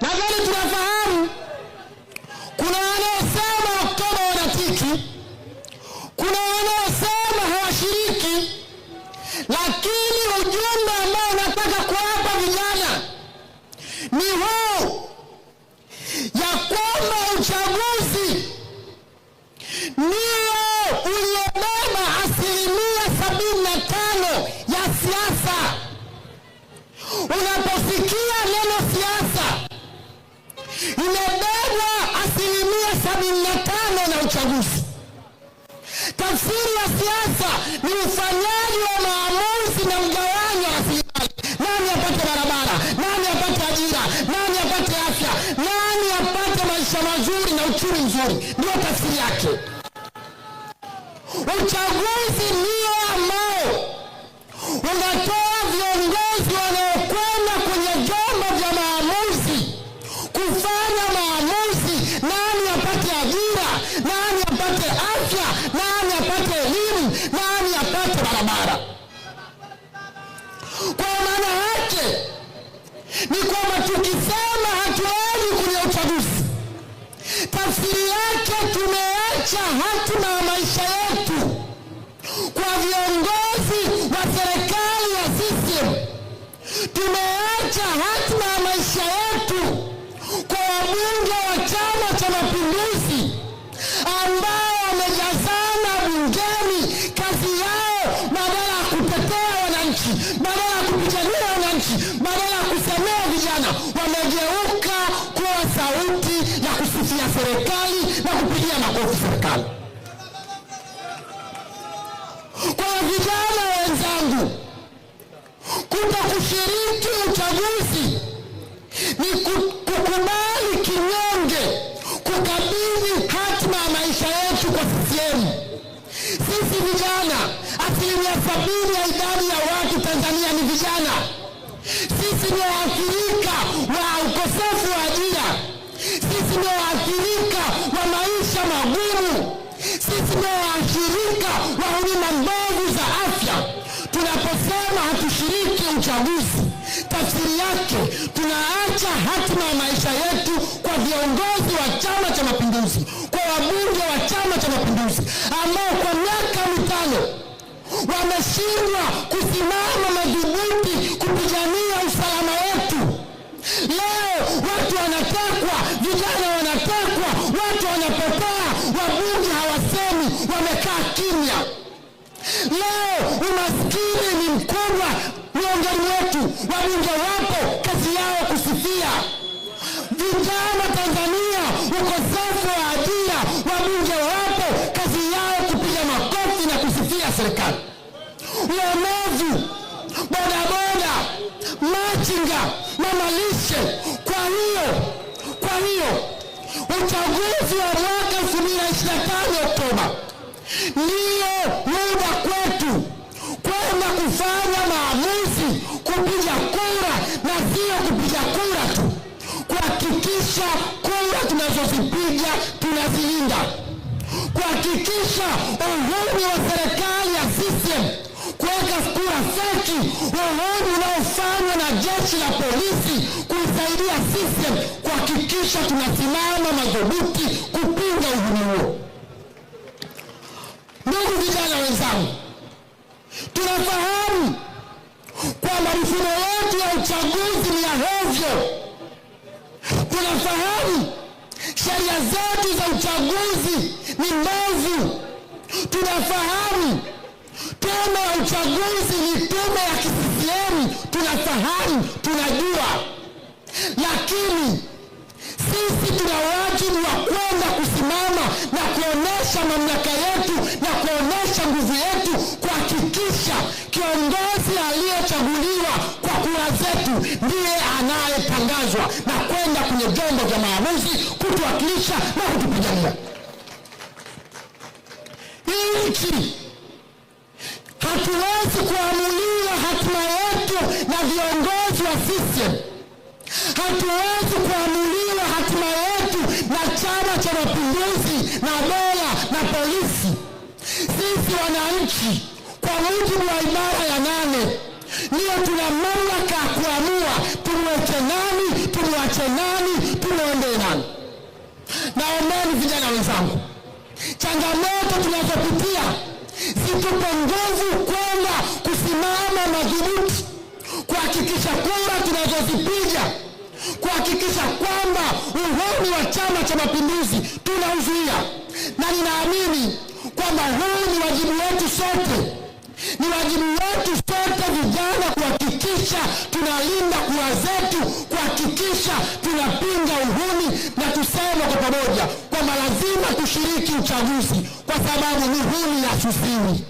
Nadhani tunafahamu kuna wanaosema Oktoba wanatiki, kuna wanaosema hawashiriki, lakini ujumbe ambao unataka kuwapa vijana ni huu, ya kwamba uchaguzi ni tano na uchaguzi. Tafsiri ya siasa ni ufanyaji wa maamuzi na mgawanyo wa rasilimali. Nani apate barabara? Nani apate ajira? Nani apate afya? Nani apate maisha mazuri na uchumi mzuri? Ndio tafsiri yake uchaguzi. kuacha hatima ya maisha yetu kwa viongozi wa serikali ya sisi Tumeacha hatima ya maisha yetu kwa wabunge wa Chama cha Mapinduzi ambao wamejazana bungeni, kazi yao badala ya kutetea wananchi, badala ya kupigania wananchi vijana wenzangu, kutokushiriki uchaguzi ni kukubali kinyonge kukabidhi hatima ya maisha yetu kwa CCM. Sisi vijana, asilimia sabini ya idadi ya watu Tanzania ni vijana. Sisi ni waathirika wa uchaguzi. Tafsiri yake tunaacha hatima ya maisha yetu kwa viongozi wa Chama cha Mapinduzi, kwa wabunge wa Chama cha Mapinduzi ambao kwa miaka mitano wameshindwa kusimama madhubuti kupigania usalama wetu. Leo watu wanatekwa, vijana wanatekwa, watu wanapotea, wabunge hawasemi, wamekaa kimya. Leo umaskini ni mkubwa Miongoni wetu wabunge wako kazi yao kusifia vijana Tanzania, ukosefu wa ajira. Wabunge wako kazi yao kupiga makofi na kusifia serikali. Uonevu, bodaboda, machinga, na malishe Kwa hiyo kwa hiyo uchaguzi wa mwaka 2025 Oktoba ndiyo muda kwetu kuhakikisha kura tunazozipiga tunazilinda, kuhakikisha uhuru wa serikali ya sisem kuweka kura feki, uhuru unaofanywa na jeshi la polisi kuisaidia sisem kuhakikisha tunasimama madhubuti kupinga uhuru huo. Ndugu vijana wenzangu, tunafahamu kwamba mifumo yetu ya uchaguzi sheria zetu za uchaguzi ni mbovu. Tunafahamu tume ya uchaguzi ni tume ya kisisiemu, tunafahamu, tunajua, lakini sisi tuna wajibu wa kwenda kusimama na kuonyesha mamlaka yetu na kuonyesha nguvu yetu, kuhakikisha kiongozi aliyechaguliwa kwa kura zetu ndiye anayetangazwa na kwenda kwenye vyombo vya maamuzi kutuwakilisha na kutupigania. Hii nchi hatuwezi kuamuliwa hatima yetu na viongozi wa CCM. Hatuwezi kuamuliwa hatima yetu na Chama cha Mapinduzi na dola na polisi. Sisi wananchi, kwa mujibu wa ibara ya nane, niyo tuna mamlaka ya kuamua tumweke nani, tumwache nani, tumwendee nani. Naombeni vijana wenzangu, changamoto tunazopitia zitupe nguvu kwenda kusimama madhubuti kuhakikisha kura tunazozipiga kuhakikisha kwamba uhuni wa Chama cha Mapinduzi tunauzuia, na ninaamini kwamba huu ni wajibu wetu sote, ni wajibu wetu sote vijana, kuhakikisha tunalinda kura zetu, kuhakikisha tunapinga uhuni na tusema kwa pamoja kwamba lazima tushiriki uchaguzi, kwa sababu ni huni ya susini.